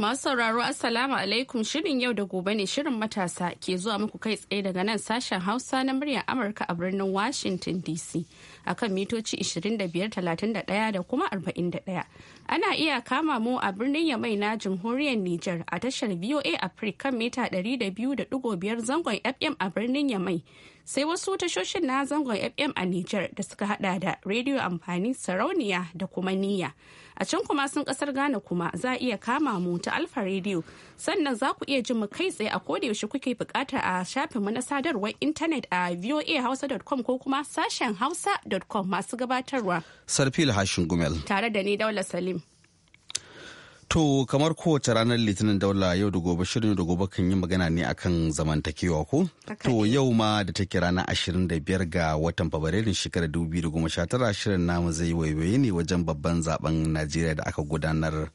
Masu sauraro Assalamu alaikum shirin yau da gobe ne shirin matasa ke zuwa muku kai tsaye daga nan sashen Hausa na muryar Amurka a birnin Washington DC akan mitoci 2531 da kuma 41. Ana iya kama mu a birnin Yamai na Jamhuriyar Nijar a tashar VOA Africa kan mita 200.5 zangon FM a birnin Yamai. sai wasu tashoshin na zangon fm a niger da suka hada da rediyo amfani sarauniya da kuma niyya a can kuma sun kasar ghana kuma za a iya kama mu ta alfa rediyo sannan za ku iya jin mu kai tsaye a kodayaushe kuke bukata a shafin mu na sadarwar intanet a voahausa.com ko kuma sashen hausa.com masu gabatarwa sarfil hashin gumel tare da ni daula salim To kamar kowace ranar litinin daula yau da gobe shirin da gobe kan yi magana ne akan zamantakewa ko? To yau ma da take rana 25 ga watan Fabrairun shekarar 2019 shirin namu zai waiwaye ne wajen babban zaben Najeriya da aka gudanar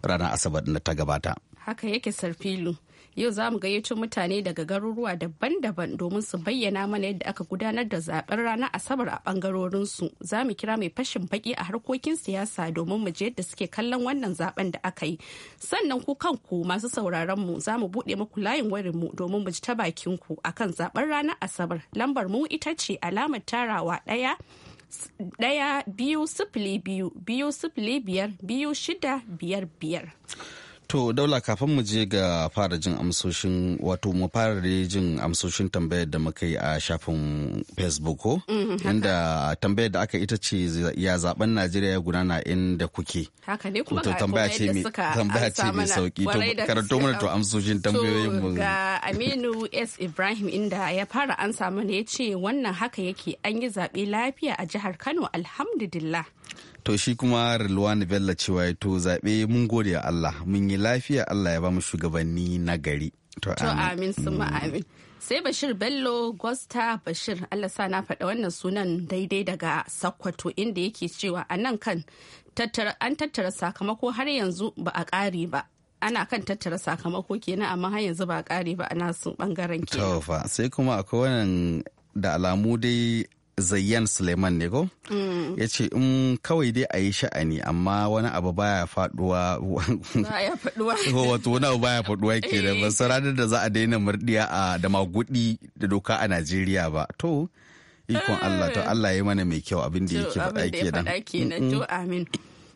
ranar Asabar da ta gabata. haka yake sarfilu yau za mu gayyato mutane daga garuruwa daban-daban domin su bayyana mana yadda aka gudanar da zaben ranar asabar a bangarorinsu za mu kira mai fashin baki a harkokin siyasa domin mu je yadda suke kallon wannan zaben da aka yi sannan ku kanku masu sauraron mu za mu buɗe muku layin warin mu domin mu ji ta bakin ku akan zaben ranar asabar lambar mu ita ce alamar tarawa ɗaya ɗaya biyu sifili biyu biyu sifili biyar biyu shida biyar biyar To daula kafin mu je ga fara jin amsoshin wato mu fara jin amsoshin tambayar da muka yi a shafin Facebook ko? Mm, inda tambayar da aka ita ce ya zaben Najeriya ya gudana inda kuke. Haka ne kuma tambaya ce mai tambaya ce mai sauki to karanto mana to amsoshin tambayoyin mu. Ga Aminu S Ibrahim inda ya fara an samu ne ya ce wannan haka yake an yi zaɓe lafiya a jihar Kano alhamdulillah. to shi kuma Rilwani Bello cewa ya to zaɓe mun gode Allah mun yi lafiya Allah ya ba mu shugabanni na gari. To amin sun mm. amin. Sai Bashir Bello Gosta Bashir Allah sa na faɗa wannan sunan daidai daga Sokoto inda yake cewa a nan kan an tattara sakamako har yanzu ba a ƙare ba. ana kan tattara sakamako kenan amma har yanzu ba a ƙare ba ana nasu bangaren kenan. sai kuma akwai wannan da alamu dai zayyan suleiman ne ko mm. ya ce in mm, kawai dai a yi sha'ani amma wani abu baya faduwa wato wani abu baya faduwa ke da ba ranar da za a daina murdiya a da magudi da doka a najeriya ba to ikon allah to eh. allah ya mana mai kyau abin da yake faɗa kenan to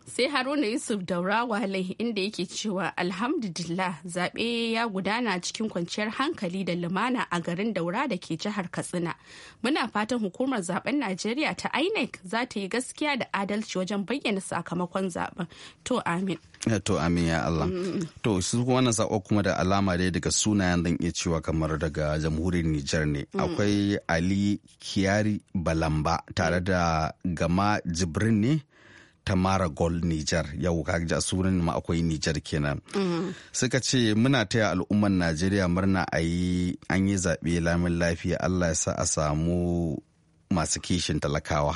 sai haruna yusuf daura walai inda yake cewa alhamdulillah zaɓe ya gudana cikin kwanciyar hankali da lumana a garin daura da ke jihar katsina muna fatan hukumar zaben najeriya ta inec za ta yi gaskiya da adalci wajen bayyana sakamakon zaben to amin eh, to amin ya allah to su wannan sako kuma da alama dai daga sunayen zan iya cewa kamar daga jamhuriyar nijar ne mm. akwai ali kiyari balamba tare da gama jibrin ne tamara gold niger yau ka ji sunan ma akwai niger kenan mm-hmm. suka ce muna taya al'umman najeriya murna a yi an yi zaɓe lamin lafiya allah ya sa a samu masu kishin talakawa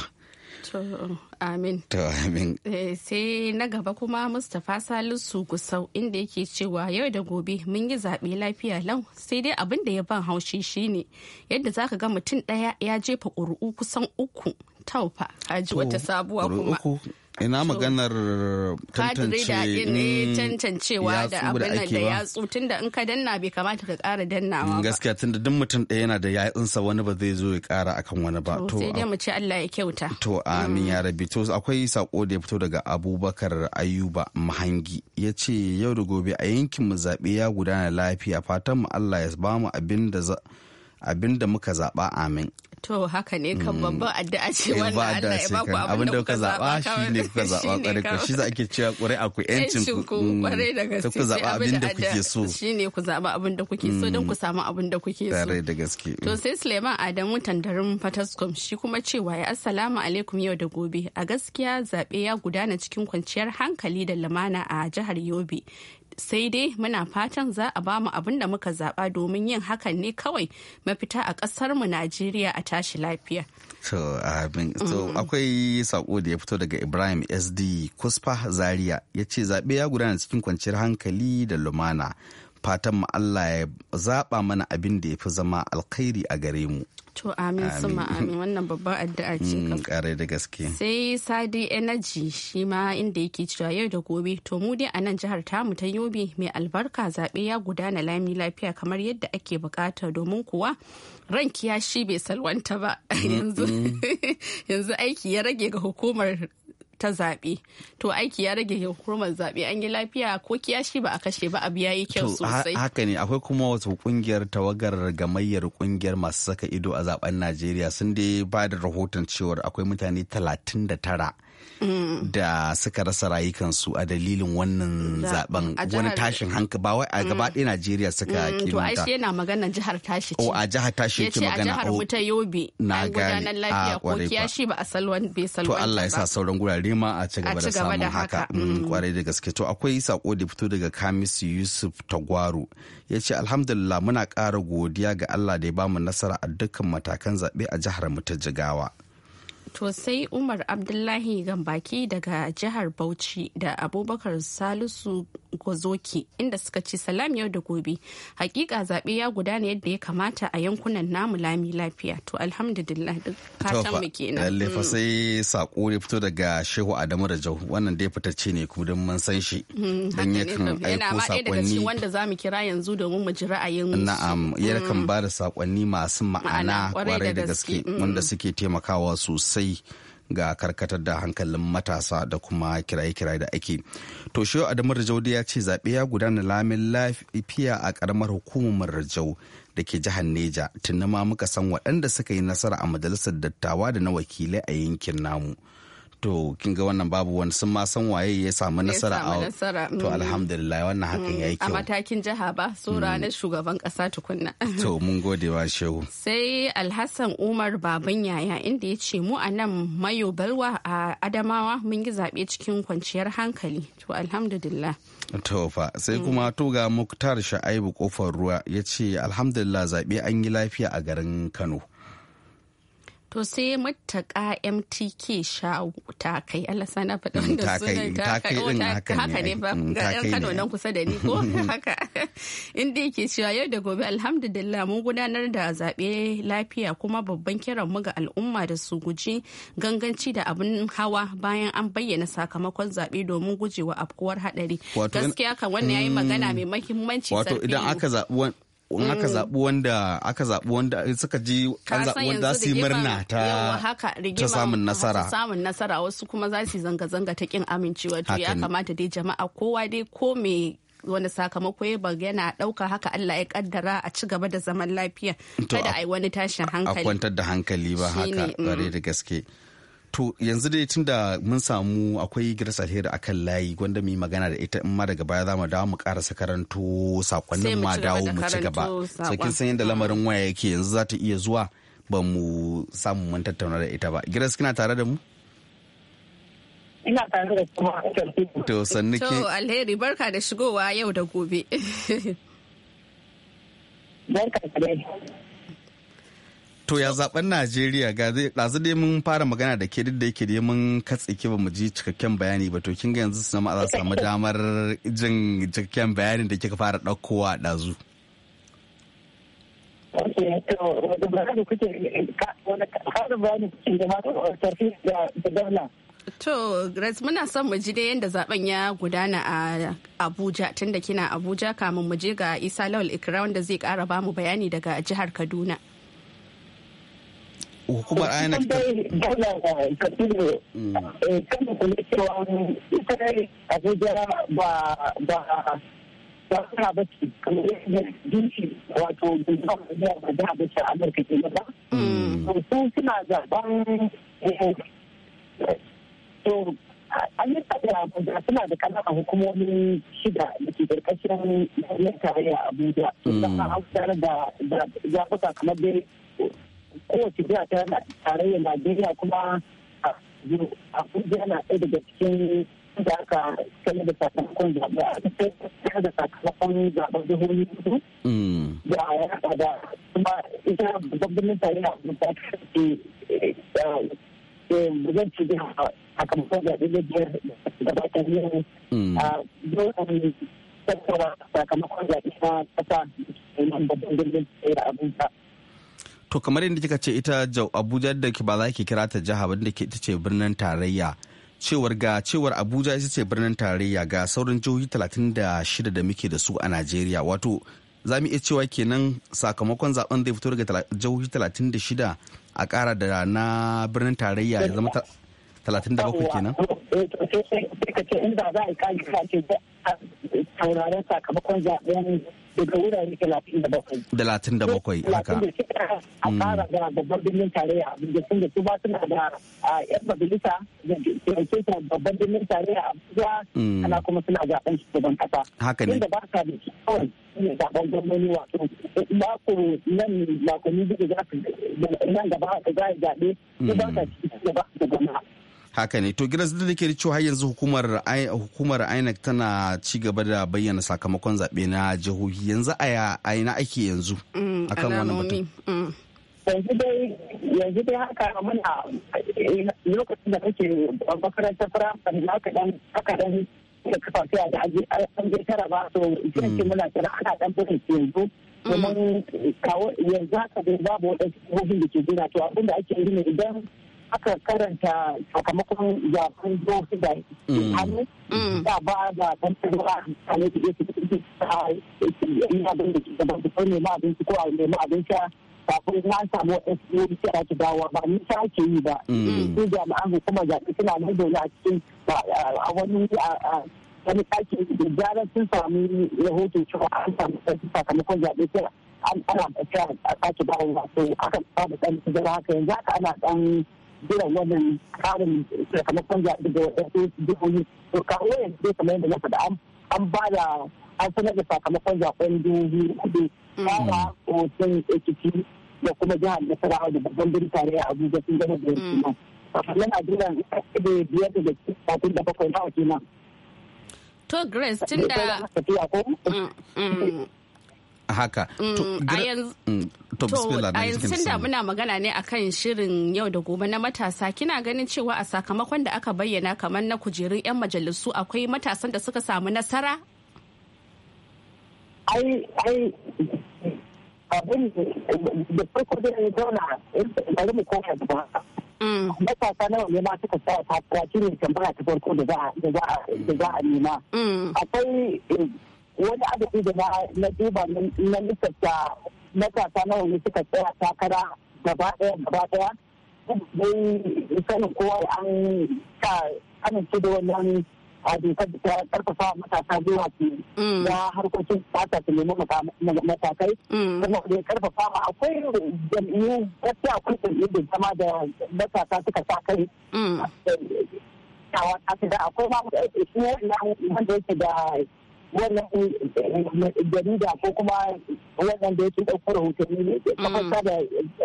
amin. To, amin. Eh, sai na gaba kuma Mustapha Salisu Gusau inda yake cewa yau da gobe mun yi zaɓe lafiya lau sai dai abin da ya ban haushi shine yadda zaka ga mutum ɗaya ya jefa ƙuri'u kusan uku taufa aji wata sabuwa kuma. ina maganar tantance tantancewa da abin da yatsu tunda in ka danna bai kamata ka kara dannawa ba gaskiya tunda duk mutum ɗaya yana da yatsunsa wani ba zai zo ya kara akan wani ba to sai dai mu ce Allah ya kyauta to amin ya rabi to akwai sako da ya fito daga Abubakar Ayuba Mahangi yace yau da gobe a yankin mu zabe ya gudana lafiya fatan mu Allah ya ba mu abin da abin da muka zaba amin To haka ne kan mm. babban addu'a ce eh, wanda Allah ya baku abin da kuka zaba shi ne kuka zaba kare ku shi za ake cewa ƙuri'a ku yancin ku kwarai mm. da gaske ku zaba abin da kuke so shi ne ku zaba abin da kuke so don ku mm. samu abin da kuke so kwarai da gaske to sai Suleiman Adamu tandarin Fataskom shi kuma cewa ya assalamu alaikum yau da gobe a gaskiya zabe ya gudana cikin kwanciyar hankali da lumana a jihar Yobe sai dai muna fatan za a ba mu abin da muka zaba domin yin hakan ne kawai mafita a mu najeriya a tashi lafiya so akwai sako da ya fito daga ibrahim sd kuspa zaria ya ce zaɓe ya gudana cikin kwanciyar hankali da lumana fatan mu Allah ya zaba mana abin da ya fi zama alkhairi a gare mu. To amin suma amin wannan babban addu'a ce. Mm, Kare da gaske. Sai Sadi Energy shi ma inda yake cewa yau da gobe to mu dai a nan jihar tamu ta Yobe mai albarka zaɓe ya gudana lami lafiya kamar yadda ake bukata domin kuwa ranki ya shi bai salwanta ba mm, mm. yanzu aiki ya rage ga hukumar ta zaɓe to aiki ya rage hukumar zaɓe an yi lafiya ko kiyashi ba a kashe ba abu ya yi kyau sosai haka ne akwai kuma wasu kungiyar tawagar gamayyar kungiyar masu saka ido a zaben najeriya sun dai ba da rahoton cewa akwai mutane talatin da tara Mm. da suka rasa rayukansu a dalilin wannan zaben wani tashin hankali ba wai a gaba mm. ɗaya Najeriya suka kimanta. Mm, to ai yana magana jihar tashi ce. Oh, a jihar tashi yake magana. Yace a jihar mu ta oh, Yobe. Na An gudanar ah, lafiya ko kiyashi ba a salwan bai salwan. To Allah ya sa sauran gurare ma a ci gaba da samun haka. Kwarai da gaske. To akwai sako da fito daga Kamisu Yusuf Tagwaro. Ya ce alhamdulillah muna ƙara godiya ga Allah da ya bamu nasara a dukkan matakan zaɓe a jihar muta Jigawa. To sai Umar Abdullahi Gambaki daga jihar Bauchi da Abubakar Salisu Gozoki inda suka ci salam yau da gobe. Hakika zaɓe ya gudana yadda ya kamata a yankunan namu lami lafiya. To alhamdulillah duk fatan mu kenan. Lalle fa mm. sai sako ya fito daga Shehu Adamu da Jau wannan dai fitacce ne kuma don mun san shi. Mm, Dan kan aiko sakonni. wanda zamu kira yanzu domin mu ji ra'ayin Na'am, yakan mm. ba da sakonni masu ma'ana kwarai da gaske wanda suke taimakawa sosai yi ga karkatar da hankalin matasa da kuma kiraye-kiraye da ake. To shi Adamu Rajau ya ce zaɓe ya gudana lamin lafiya a ƙaramar hukumar Rajau da ke jihar Neja tunda ma muka san waɗanda suka yi nasara a majalisar dattawa da na wakilai a yankin namu. to kin ga wannan babu wani sun ma san waye ya samu nasara a to mm. alhamdulillah wannan hakan mm, yayi kyau a matakin jiha ba so mm. ranar shugaban kasa tukunna to mun gode wa shehu sai alhassan umar baban yaya inda ya ce mu a nan mayo balwa a adamawa mun yi zaɓe cikin kwanciyar hankali to alhamdulillah to fa sai kuma to ga muktar sha'aibu kofar ruwa ya ce alhamdulillah zaɓe an yi lafiya a garin kano to sai mataka mtk shawu ta kai Allah sana faɗi wanda mm, sunan ta kai oh, haka ne ba mm, ga ɗan kano nan kusa da ni ko haka inda yake cewa yau da gobe alhamdulillah mun gudanar da zaɓe lafiya kuma babban kiran mu ga al'umma da su guji ganganci da abin hawa bayan an bayyana sakamakon zaɓe domin gujewa afkuwar haɗari gaskiya kan wannan yayi magana mm. mai mahimmanci wato idan aka zaɓi in aka mm. zaɓi wanda aka zaɓi wanda suka ji an zaɓi wanda su yi murna ta samun nasara samun nasara wasu kuma za su zanga zanga ta kin amincewa to ya kamata dai jama'a kowa dai ko me wani sakamako ya yana ɗauka haka Allah ya kaddara a ci gaba da zaman lafiya kada a yi wani tashin hankali a kwantar da hankali ba haka bare mm. da gaske To yanzu dai tunda mun samu akwai giras Alheri akan layi gwanda mu yi magana da ita in ma daga baya za mu dawo mu karasa karanto sakonnin ma dawo mu ci gaba. Sakin san yadda lamarin waya yake yanzu za ta iya zuwa ba mu samu mun tattauna da ita ba. Grace kina tare da mu? ina tare da kuma to ke to alheri barka da shigowa yau da gobe to ya zaben Najeriya ga ɗazu dai mun fara magana da ke da yake dai mun katse ki ba mu ji cikakken bayani ba to kin ga yanzu sama za su samu damar jin cikakken bayanin da kika fara ɗaukowa ɗazu. To, Grace, muna son mu ji dai yadda zaben ya gudana a Abuja tunda kina Abuja kamun mu je ga Isa Lawal Ikra wanda zai kara bamu bayani daga jihar Kaduna. hukumar INEC ta ga eh, mm. eh kan ku kuma cewa ita ne Abuja ba ba ba suna ba ce kamar yadda dinki wato dindon da ba da ba ce Amurka ke ba. Mm. Su suna zaben eh, to an yi tsada Abuja suna da kanana hukumomin shida da ke karkashin yan tarayya Abuja. Mm. Suna an hausar da zaɓuka kamar dai kowace jiha ta tarayyar najeriya kuma abuja na ɗaya daga cikin da aka kalla da sakamakon zaɓe a cikin da sakamakon zaɓen jihohi hudu mm. da ya haɗa da kuma ita babban tarayya abuja ta ce zan eh, eh, eh, ci sakamakon zaɓe na biyar da ba ta biyar a dole tattara sakamakon zaɓe na ƙasa da babban birnin tarayya abuja to kamar yadda kika ce ita jau abuja da ba za ki kira ta jiha wanda ke ita ce birnin tarayya cewar ga cewar abuja ita ce birnin tarayya ga sauran jihohi talatin da shida da muke da su a najeriya wato za mu iya cewa kenan sakamakon zaben zai fito daga jihohi shida a kara da na birnin tarayya ya zama bakwai kenan eh, inda za a yi kaji sauraron sakamakon zaben daga wurare talatin da bakwai. Talatin da bakwai haka. A mm. fara da babban birnin tarayya Abuja tun da su ba suna da yan majalisa da ke da babban birnin tarayya Abuja mm. ana kuma suna zaban shugaban kasa. Haka ne. Inda ba ka da shi kawai ne zaben gwamnoni wato mako nan makonni duka za su nan gaba ka za a zaɓe. Su ba mm. da gwamna. haka ne to gidan da ke cewa har yanzu hukumar hukumar INEC tana ci gaba da bayyana sakamakon zaɓe na jihohi yanzu a aina ake yanzu mm, akan wannan batun mm. yanzu dai yanzu dai haka muna eh, lokacin da kake makarantar firamare na aka dan haka dan da kafafiya da aji an je tara ba to ita mm. muna tara ana dan burin yanzu domin kawo yanzu haka dai babu wadansu kofin da ke jira to abinda ake yi ne idan aka karanta sakamakon zaben jihohi da hannu da ba da tantarwa a ne su je su a yi abin da ke gaba su ko nema abinci ko a nema abinci na samu waɗansu yori sai ake dawowa ba ni ta ake yi ba su jami'an hukumar zaɓe suna nan zaune a cikin a wani wani ɗakin da zarar sun samu rahoton cewa an samu sakamakon zaɓe sai ana da a sake dawowa sai aka ba da ɗan haka yanzu haka ana ɗan jiran wannan karin sakamakon zaɓe da wasu jihohi to kawo yanzu kamar yadda na faɗa an ba da an sanar da sakamakon zaɓen jihohi hudu kawa hoton ekiti da kuma jihar nasarawa da babban abuja sun gama da yanzu a jiran da biyar da kafin da bakwai to grace tun da haka mm, mm, to bismillah a yanzu tunda muna magana ne akan shirin yau da gobe na matasa kina ganin cewa a sakamakon da aka bayyana kamar na kujerun 'yan majalisu akwai matasan da suka samu nasara ai ai abin da farko da ya zauna bari mu koma da mm. matasa nawa ne ma suka sa takura shi ne tambaya ta farko da za a nema akwai eh, wani abu da na duba na lissafta matasa na wani suka tsaya takara gaba daya gaba daya dai sanin kowa an ka amince da wannan a da ta karfafa matasa zuwa su na harkokin fata su nemi matakai kuma da karfafa ma akwai jam'iyyu gaskiya akwai jam'iyyu da zama da matasa suka sa kai akwai ma shi wannan wanda yake da wannan eh, jarida ko kuma wannan da yake ɗauko rahotanni ne kamar mm. ta da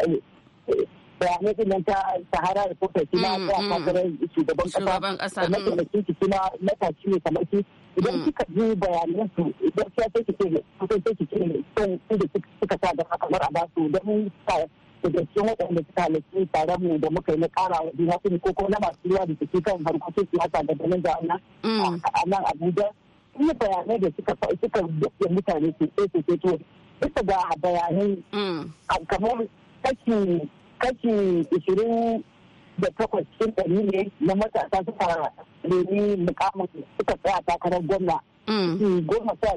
eh, bayanai din ta sahara da kota kina ta mm. kakarar shugaban kasa shugaban kasa da mataimakin ki mm. kina matashi ne kamar ki idan kika ji bayanan su idan ta ta kike ne ko ta kike ne son su da kika sa da kamar a ba su don sa daga cikin waɗanda suka halarci taron mu da muka yi na ƙara wa juna ko kuma na masu ruwa da suke kan harkokin siyasa da ganin da a nan Abuja iya bayanai da suka suka da mutane su sai su to bisa ga bayanai mm. kamar kashi kashi ishirin da takwas cikin ɗari ne na matasa suka nemi mukamin suka tsaya takarar gwamna. Mm. Goma sha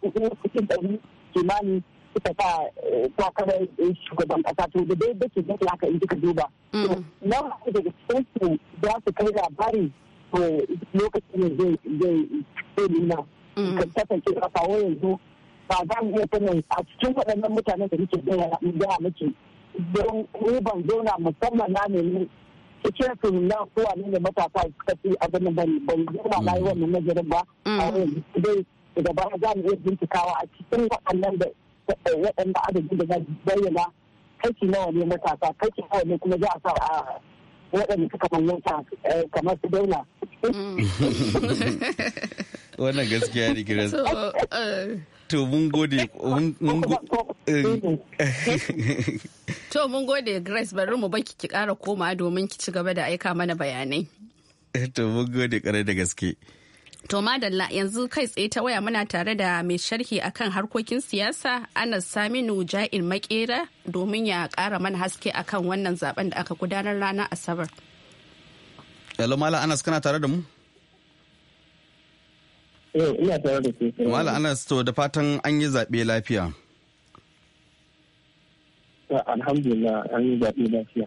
cikin ɗari kimanin suka sa eh, takarar eh, shugaban kasa to da dai dake da haka in ka duba. Mm. Nan daga cikin su za su kai labari to lokacin da zai zai nuna mm. ka kasance a kawo yanzu ba za mu iya sanin a cikin waɗannan mutanen da muke gaya muke don ruban zona musamman na ne cikin su na kowa ne da matasa kafi a ganin bari ban zona na yi wannan nazarin ba mm. a yanzu dai daga baya za mu iya bincikawa a cikin waɗannan da waɗanda adadin da za bayyana kaki nawa ne matasa kashi nawa ne kuma za a sa a waɗanda suka mallaka eh, kamar su daula. Wannan gaskiya ne gira. Eh. To mun gode. Eh. To mun gode Grace bari mu baki ki ƙara koma domin ki ci gaba da aika mana bayanai. To mun gode ƙarai da gaske. To Madalla yanzu kai tsaye ta waya muna tare da mai sharhi akan harkokin siyasa Anas Saminu Ja'in Makera domin ya kara mana haske akan wannan zaben da aka gudanar ranar Asabar. Yalo Malam Anas kana tare da mu? Eh ina tare da ke. Malam Anas to da fatan an yi zaɓe lafiya. alhamdulillah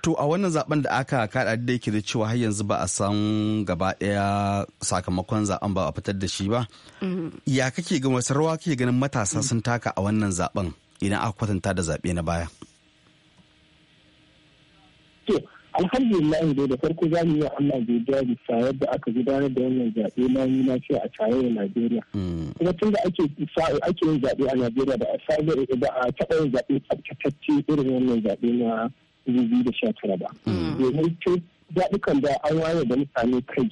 To a wannan zaben da aka kaɗa da yake da cewa har yanzu ba a san gaba ɗaya sakamakon zaben ba a fitar da shi ba. Mhm. Ya kake ga wasu rawa kake ganin matasa sun taka a wannan zaben idan aka kwatanta da zaɓe na baya? alhamdulillah dai da farko za mu yi Allah godiya sa yadda aka gudanar da wannan zaɓe na yi na ce a tarayyar Najeriya. Mm. Kuma tun da ake yin zaɓe a Najeriya da a ba a taɓa yin zaɓe tsabtatacce irin wannan zaɓe na 2019 ba. Mm. Domin tun zaɓukan da an waye da mutane kai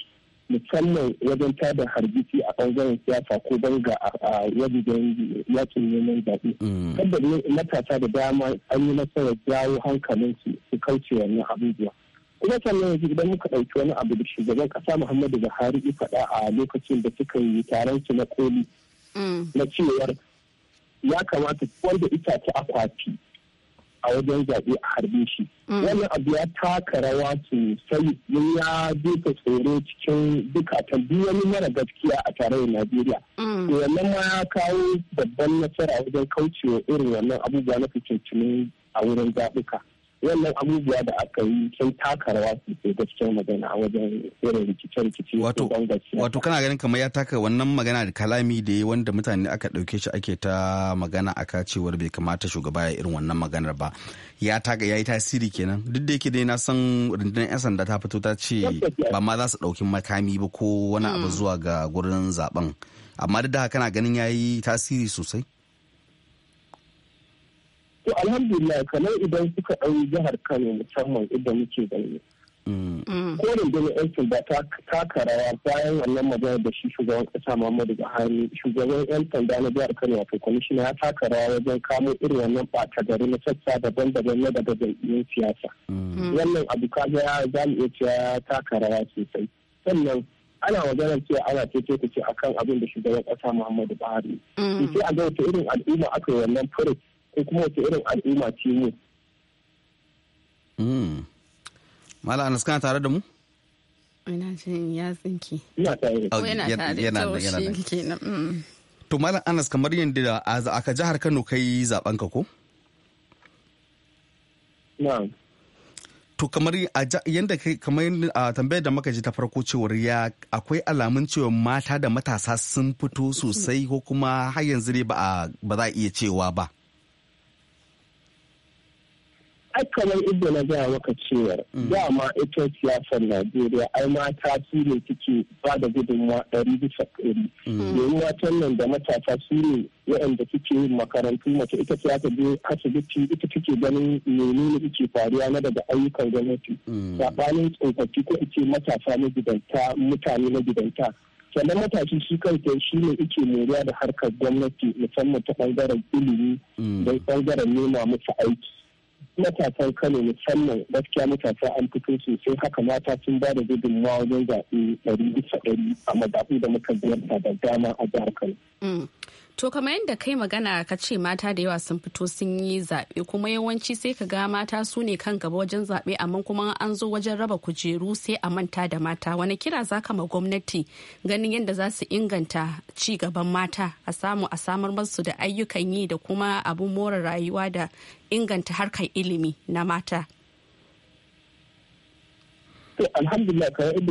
musamman wajen tada hargitsi a bangaren siyasa ko banga a wajen yakin neman zaɓe. Tabbas mm. matasa da dama an yi nasarar jawo hankalin su kauce wannan abubuwa. Kuma sannan yanzu idan muka ɗauki wani abu da shugaban ƙasa Muhammadu Buhari ya faɗa a lokacin da suka yi taron su na koli. Mm. Na cewar ya kamata wanda itace akwati a wajen zaɓe a harbe shi mm. wannan abu ya taka rawa sosai ya jefa tsoro cikin ta duk wani mara gaskiya a tarayyar najeriya mm. to wannan ma ya kawo babban nasara wajen kaucewa irin wannan abubuwa na fitintinin a wurin zaɓuka wannan abubuwa da aka yi sun taka rawa sosai gaskiyar magana a wajen irin rikice-rikice wato wato kana ganin kamar ya taka wannan magana da kalami da ya wanda mutane aka ɗauke shi ake ta magana a kacewar bai kamata shugaba ya irin wannan maganar ba ya taka ya yi tasiri kenan duk da yake dai na san rundunar 'yan sanda ta fito ta ce ba ma za su ɗauki makami ba ko wani abu mm. zuwa ga gurin zaben amma duk da haka kana ganin ya yi tasiri sosai to alhamdulillah kamar idan suka ɗauki jihar kano musamman idan muke gani mm. ko gani aikin ba ta karawa bayan wannan magana da shi shugaban kasa Muhammadu Buhari shugaban yan sanda na jihar Kano wato kwamishina ya taka rawa wajen kamo irin wannan ɓata gari na sassa daban-daban na daga jam'iyyun siyasa. Mm. Wannan abu kaga za mu iya cewa taka rawa sosai. Sannan ana maganar cewa ana cece ce akan abin da shugaban kasa Muhammadu Buhari. Mm. Sai a ga irin al'umma aka yi wannan furuci ko kuma wace irin al'umma ce mu. Hmm. Mala Anas kana tare da mu? Ina jin ya tsinki. Ina tare. Oh, yana da yana hmm. To Malam Anas kamar yadda aka jihar Kano kai zaben ka ko? Na'am. to kamar yadda kamar a tambayar da maka ji ta farko cewar ya akwai alamun cewa mata da matasa sun fito sosai ko kuma har yanzu ne ba za a iya cewa ba ai kamar inda na gaya maka cewa mm. dama ita siyasar najeriya ai mata su ne suke ba da gudunmawa ɗari bisa ɗari domin mm. matan nan da matasa su ne waɗanda suke yin makarantu mace ita siyasa je asibiti ita take ganin menene kike faruwa na daga ayyukan gwamnati mm. saɓanin tsofaffi ko ice matasa na gidanta mutane na gidanta sannan matashi shi kanta shi ne ike moriya da harkar gwamnati musamman ta ɓangaren ilimi don ɓangaren nema musu aiki matasan kano musamman gaskiya matasa an fito sosai haka mata sun ba da gudunmawa wajen zaɓe ɗari bisa ɗari a mazaɓu da muka ziyarta da dama a jihar kano. Mm. To kamar yadda kai magana ka ce mata da yawa sun fito sun yi zaɓe kuma yawanci sai ka ga mata su ne kan gaba wajen zaɓe amma kuma an zo wajen raba kujeru sai a manta da mata wani kira za ka ma gwamnati ganin yadda za su inganta ci gaban mata a samu a samar masu da ayyukan yi da kuma abun more rayuwa da inganta harkar ilimi na mata. Alhamdulillah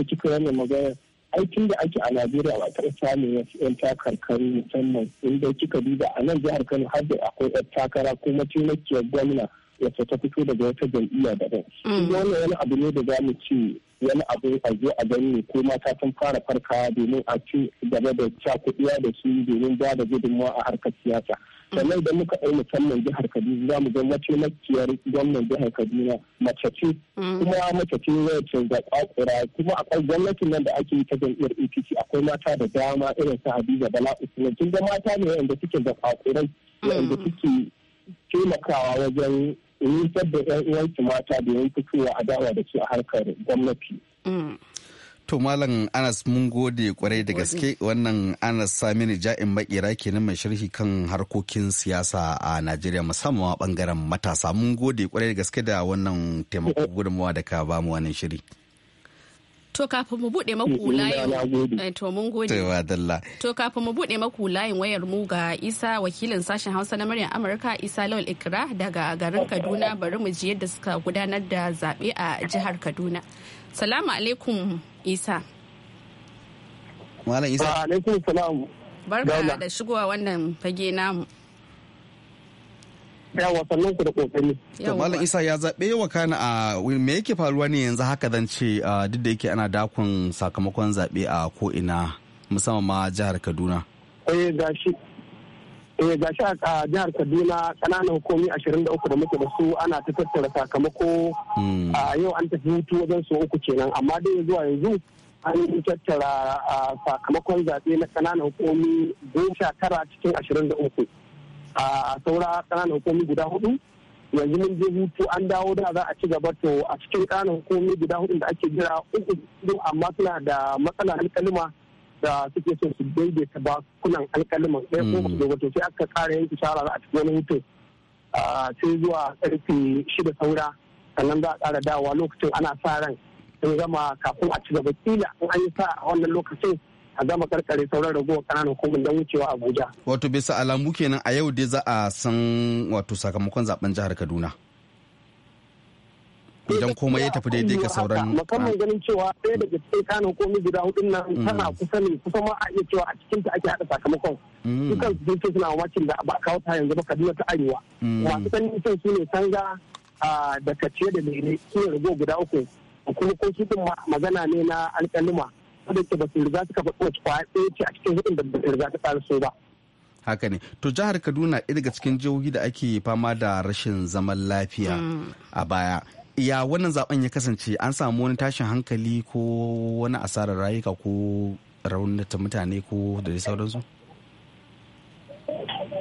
kika magana aikin da ake a najeriya ba ta samun wasu 'yan takarkar musamman inda kika duba a nan jihar kano har da akwai 'yan takara kuma ke gwamna yace ta fito daga wata jam'iyya daban. Mm. wani abu ne da za mu ce wani abu a zo a gani ko mata sun fara farka domin a ci gaba da cakuɗiya da su domin ba da gudunmawa a harkar siyasa. Mm. sannan idan muka ɗau musamman jihar kaduna za mu ga mace makiyar gwamnan jihar kaduna mace ce mm. kuma mace ce wacce da kwakura kuma akwai gwamnatin nan da ake yi ta jam'iyyar apc akwai mata da dama irin su hadiza bala usman kin ga mata ne wanda suke da kwakurai wanda suke taimakawa wajen nisar da yan uwanki mata da yan fitowa a dawa da su a harkar gwamnati. Mm. To Malam Anas mun gode kwarai da gaske wannan Anas Saminu Ja'in Makera kenan mai sharhi kan harkokin siyasa a Najeriya musamman bangaren matasa mun gode kwarai da gaske da wannan taimako gudunmawa da ka bamu wannan shiri. To kafin mu buɗe maku mm, mm, layin eh, to mu buɗe maku layin wayar mu ga Isa wakilin sashen Hausa na muryar Amurka Isa Lawal Ikra daga garin Kaduna bari mu ji yadda suka gudanar da zaɓe a jihar Kaduna. Salamu alaikum Isa. Malam Alaikum salam. Barka da shigowa wannan fage namu. yawa sannan ku da kokari to malam isa ya zabe wa kana a me yake faruwa ne yanzu haka zan ce duk da yake ana dakon sakamakon zabe a ko ina musamman ma jihar kaduna eh gashi eh gashi a jihar kaduna kananan hukumi 23 da muke da su ana ta tattara sakamako hmm. a yau an tafi hutu wajen su uku kenan amma dai zuwa yanzu an yi tattara sakamakon zaɓe na kananan hukumi 19 sha tara cikin ashirin da uku a saura kananan hukumi guda hudu yanzu mun je hutu an dawo da za a ci gaba to a cikin kananan hukumi guda hudu da ake jira uku amma suna da matsala alkalima da suke so su daidaita ba bakunan alƙaliman ɗaya ko ba su sai aka ƙara yanki shara za a cikin wani hutu sai zuwa karfe shida saura sannan za a kara dawowa lokacin ana sa ran sun gama kafin a ci gaba kila in an yi sa a wannan lokacin a gama karkare sauran raguwar kananan kogin don wucewa abuja wato bisa alamu kenan a yau dai za a san wato sakamakon zaben jihar kaduna eh, idan komai ya tafi daidai ka sauran musamman ah. ganin cewa ɗaya daga cikin kanin komai guda hudun nan mm. tana kusa ne kusa ma a iya cewa a cikin ta ake haɗa sakamakon mm. dukkan su sun suna wacin da ba kawo ta yanzu ba kaduna ta arewa mm. masu sanin sun su ne sanga ah, da kaciye da lele su ne rago guda uku kuma ko su magana ne na alƙaluma da ke ba su riga suka faɗi wace ce a cikin hudun da ba su riga ta so ba. haka ne to jihar kaduna ɗaya daga cikin jihohi da ake fama da rashin zaman lafiya a baya ya wannan zaben ya kasance an samu wani tashin hankali ko wani asarar rayuka ko raunata mutane ko da sauransu?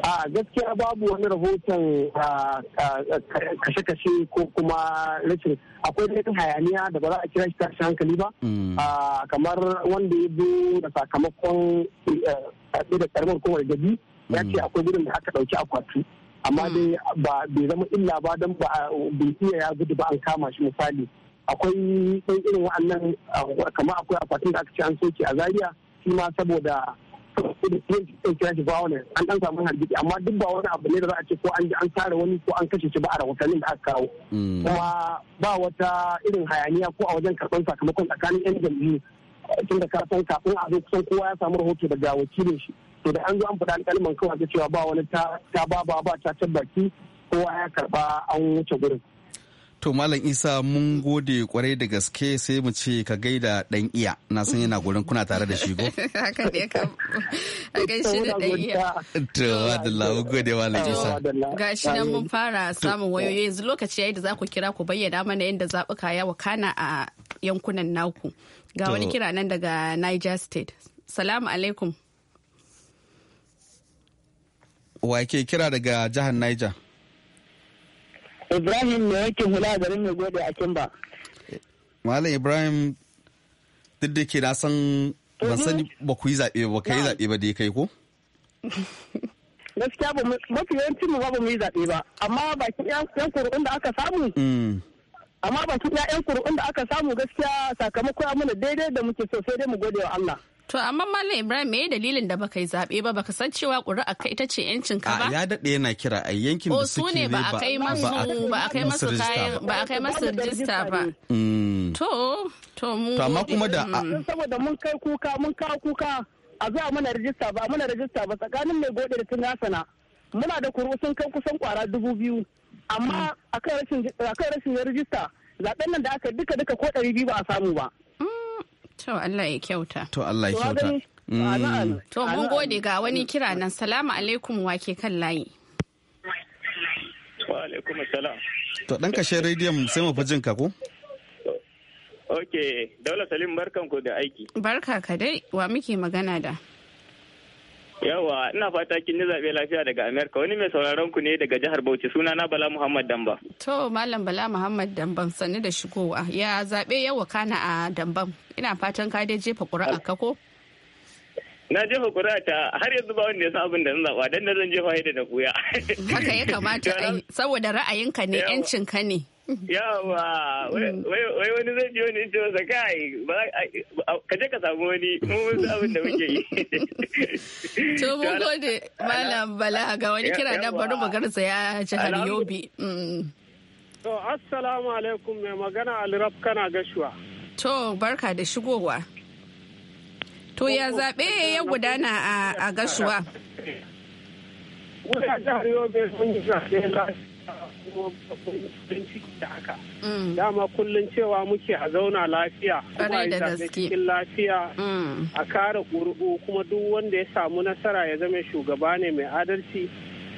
a gaskiya babu wani rahoton kashe-kashe ko kuma rashin akwai dai hayaniya da ba za a kira shi tashi hankali ba mm. kamar wanda ya zo da sakamakon eh, da karamar kowar gabi ya ce mm. akwai gudun da aka ɗauki akwati amma mm. dai ba bai zama illa ba don ba bai iya ya gudu ba an kama shi misali akwai ɗan irin wa'annan kamar akwai akwatin da aka ce an soke a zaria shi ma saboda kira shi violence an dan samu hargitsi amma duk ba wani abu ne da za a ce ko an ji an sare wani ko an kashe shi ba a rahotannin da aka kawo kuma ba wata irin hayaniya ko a wajen karɓar sakamakon tsakanin yan jam'iyyu tun da kasan kafin a zo kusan kowa ya samu rahoto daga wakilin shi to da an zo an faɗa alƙalman kawai cewa ba wani ta ba ba ta tabbaci kowa ya karɓa an wuce gurin To Malam Isa mun gode kwarai da gaske sai mu ce ka gaida dan iya na san yana gurin kuna tare da shi go. Haka ne ka gaishe da dan iya. To wadalla mun gode Malam Isa. Ga shi nan mun fara samun wayoyi yanzu lokaci yayi da za ku kira ku bayyana mana yadda zabuka ya wakana a yankunan naku. Ga wani kira nan daga Niger State. Salamu alaikum. Wa ke kira daga jihar Niger? Ibrahim mai wankin hula a garin mai gode a Kimba. Malam Ibrahim duk da ke na san ban sani ba ku yi zaɓe ba ka yi zaɓe ba da ya kai ko? Gaskiya mafi yawancin mu ba mu yi zaɓe ba amma bakin yan kuru'un da aka samu. Mm. Amma bakin yan kuru'un da aka samu gaskiya sakamakon mana daidai da muke so sai dai mu gode wa Allah. To amma Malam Ibrahim me dalilin da baka yi zaɓe ba baka san cewa ƙuri'a kai ita ce yancin ka ba? Ya daɗe yana kira a yankin oh, da suke ne ba a kai masu ba a kai masu kayan ba a kai masu rijista ba. Mm. To to mu. To amma kuma da. Mm. Saboda mun kai kuka mun kawo kuka a zuwa mana rijista ba mana rijista ba tsakanin mai gode da tun sana muna da kuru sun kai kusan kwara dubu biyu amma mm. akan rashin rijista zaɓen nan da aka duka duka ko ɗari biyu ba a samu ba. To Allah ya kyauta. To Allah ya kyauta. Mm. To mun gode ga wani kira nan. Salamu alaikum wa ke kan layi. Wa alaikum salam. To ɗan kashe rediyon sai mu fi jin ka ko? Ok, Daula Salim barkan ku da aiki. Barka ka dai, wa muke magana da? Yawa, ina fata kin yi zaɓe lafiya daga Amerika. Wani mai sauraron ku ne daga jihar Bauchi. Suna na Bala Muhammad Damba. To, Malam Bala Muhammad Damban sannu da shigowa. Ya zaɓe yawa kana a Damban. Ina fatan ka dai jefa ƙuri'a ka ko? na jefa kuri'a ta har yanzu ba wanda ya san abin da zan zaɓa dan da zan jefa da na Haka ya kamata saboda ra'ayinka ne 'yancin ka ne. yawa mm. wai wani zai biyo ni ce wasa kai ka je ka samu wani mun san abin da muke yi to mun gode malam bala ga wani kira da bari mu ya jihar yobe mm. to assalamu alaikum mai magana alirab kana gashuwa to barka da shigowa to ya oh, oh, zaɓe ya gudana a gashuwa Muna jihar Yobe sun yi zaɓe da mm. haka. Dama kullum cewa muke a zauna lafiya, kuma a cikin lafiya, mm. a kare ƙuri'u kuma duk wanda ya samu nasara ya zama shugaba ne mai adalci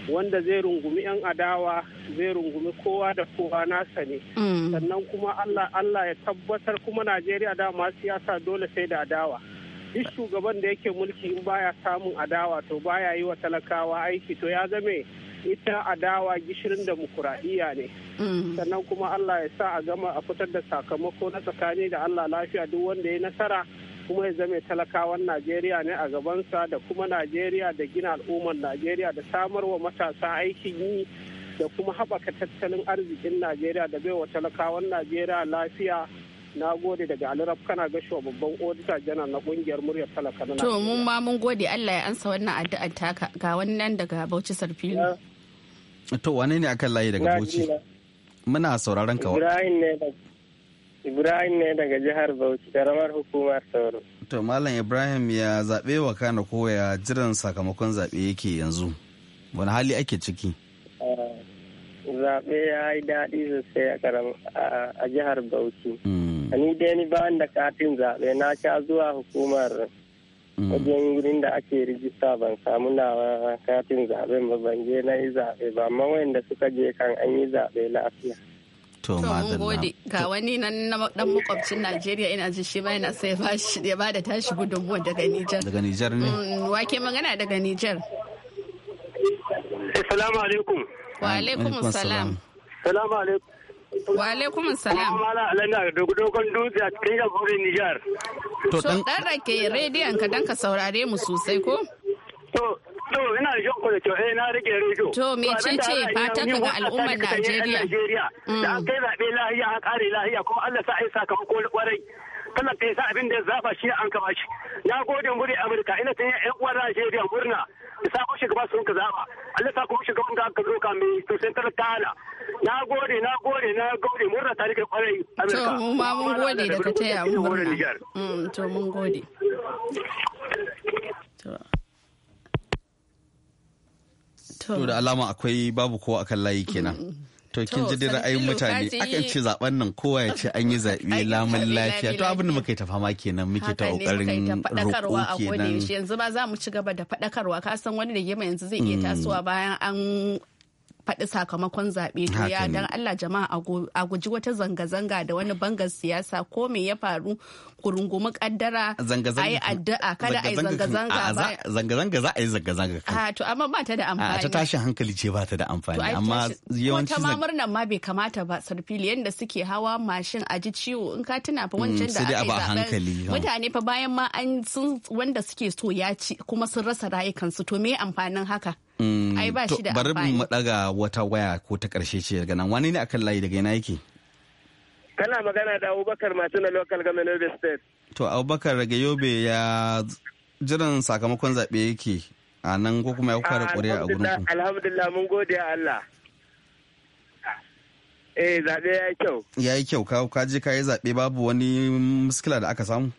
wanda zai rungumi 'yan adawa zai rungumi kowa da kowa nasa ne. Mm. Sannan kuma Allah ya tabbatar kuma Najeriya da dama siyasa dole sai da adawa. duk shugaban da yake mulki in baya samun adawa to baya yi wa talakawa aiki to ya zame ita adawa gishirin demokuraɗiyya ne mm. sannan kuma allah ya sa a gama a fitar da sakamako na tsakani da allah lafiya duk wanda ya nasara kuma ya zame talakawan najeriya ne a gabansa da kuma najeriya da gina al'ummar najeriya da samar wa matasa aikin yi da kuma haɓaka tattalin arzikin najeriya da baiwa talakawan najeriya lafiya na gode daga alirab kana ga babban odita janar na kungiyar muryar talaka na to mun ma mun gode allah ya ansa wannan addu'ar taka ga wannan daga bauchi sarfili to wane ne akan layi daga bauchi muna sauraron ka ibrahim ne ibrahim ne daga jihar bauchi karamar hukumar sauro to malam ibrahim ya zabe wa kana ko ya jiran sakamakon zabe yake yanzu wani hali ake ciki eh, zaɓe ya yi daɗi sosai a jihar bauchi hmm. ni dai ni ba da katin zaɓe na sha zuwa hukumar mm. wajen wurin da ake rijista ban samu na katin zaɓe ba ban je na yi zaɓe ba amma da suka je kan an yi zaɓe lafiya. To gode ga wani nan na dan makwabcin Najeriya ina ji shi ba yana sai ya ba da tashi gudunmuwa daga Nijar. Daga Nijar ne? Mm, Wake magana daga Nijar. Assalamu alaikum. Wa alaikum salam. Assalamu alaikum. Wa alaikum salam. Nijar. To dan rake rediyon ka dan ka saurare mu sosai ko? To to ina jin ku da eh na rike rediyo. To mecece fata ka ga al'ummar Najeriya? Da mm. kai zabe lahiya an kare lahiya kuma Allah sa ai sakamako kwarai. talaka ta yasa abin da ya zaba shi an kaba shi na gode muri amurka ina ta yan uwan najeriya murna da sabon shugaba sun ka zaba allah ta kuma shugaban da aka ka mai tusen ta na gode na gode na gode murna ta rike kwarai amurka to mun ma mun gode da ka taya mun murna mm, to mun gode to da alama akwai babu kowa akan layi kenan To kin ji dai ra'ayin mutane akan ce zaben nan kowa ya ce an yi zaɓe lamun lafiya to abin da muka yi ta fama kenan muke ta kokarin roƙo kenan yanzu ba za mu ci gaba da faɗakarwa ka san wani rigima yanzu zai iya mm. tasowa bayan an faɗi sakamakon zaɓe to ya dan Allah jama'a a guji wata zanga-zanga da wani bangar siyasa ko me ya faru ku rungumi kaddara a yi addu'a kada a yi zanga-zanga zanga-zanga za a yi zanga-zanga ha to amma ba ta da amfani a ta tashi hankali ce ba ta da amfani amma yawanci wata ma ma bai kamata ba sarfili yanda suke hawa mashin a ji ciwo in ka tuna fa mm, wancan da aka hankali mutane fa bayan ma an sun wanda suke so ya ci kuma sun rasa rayukansu to me amfanin haka Mm, ai ba shi da amfani bari mu daga wata waya ko ta karshe ce daga nan wani ne akan layi daga ina yake kana magana da Abubakar masu na local government Yobe state to Abubakar daga Yobe ya jiran sakamakon zaɓe yake a nan ko kuma ya da ƙuri'a a gurin ku alhamdulillah mun gode Allah eh zaɓe ya yi kyau ya yi kyau ka je ka yi zaɓe babu wani muskila da aka samu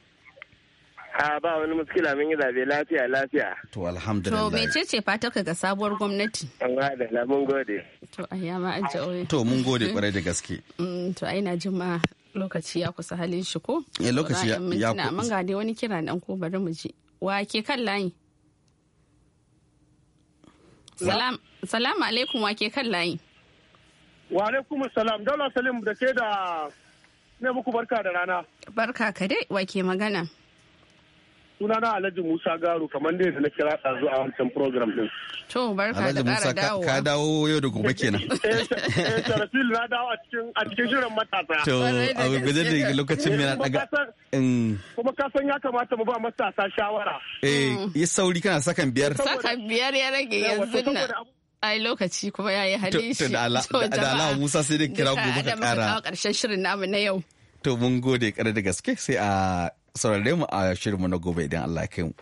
A ba wani muskila mun yi zabe lafiya lafiya. To alhamdulillah. To mecece ka ga sabuwar gwamnati? Allah da mun gode. To ma an aure. To mun gode kwarai da gaske. Mm, to ai na jima lokaci ya kusa halin shi ko? Eh lokaci ya kusa. Mun ga dai wani kira nan ko bari mu ji. Wa ke kan layi? Salamu alaikum wa ke kan layi. Wa alaikum salam Daula Salim da ke da ne muku barka da rana. Barka ka dai wa ke magana. suna na Alhaji Musa Garo kamar dai da na kira ɗazu a wancan program din. To barka da ƙara dawowa. Ka dawo yau da gobe kenan. Eh, eh Sarafil na dawo a cikin a cikin shirin matasa. To a guje da lokacin mai na daga. Kuma ka san ya kamata mu ba matasa shawara. Eh yi sauri kana sakan biyar. Sakan biyar ya rage yanzu na. ai lokaci kuma ya yi halishi. shi. Da Allah Musa sai da kira gobe ka kara. Da muka kawo ƙarshen shirin namu na yau. To mun gode kare da gaske sai a saurare mu a shirinmu na gobe idan Allah ya kai mu.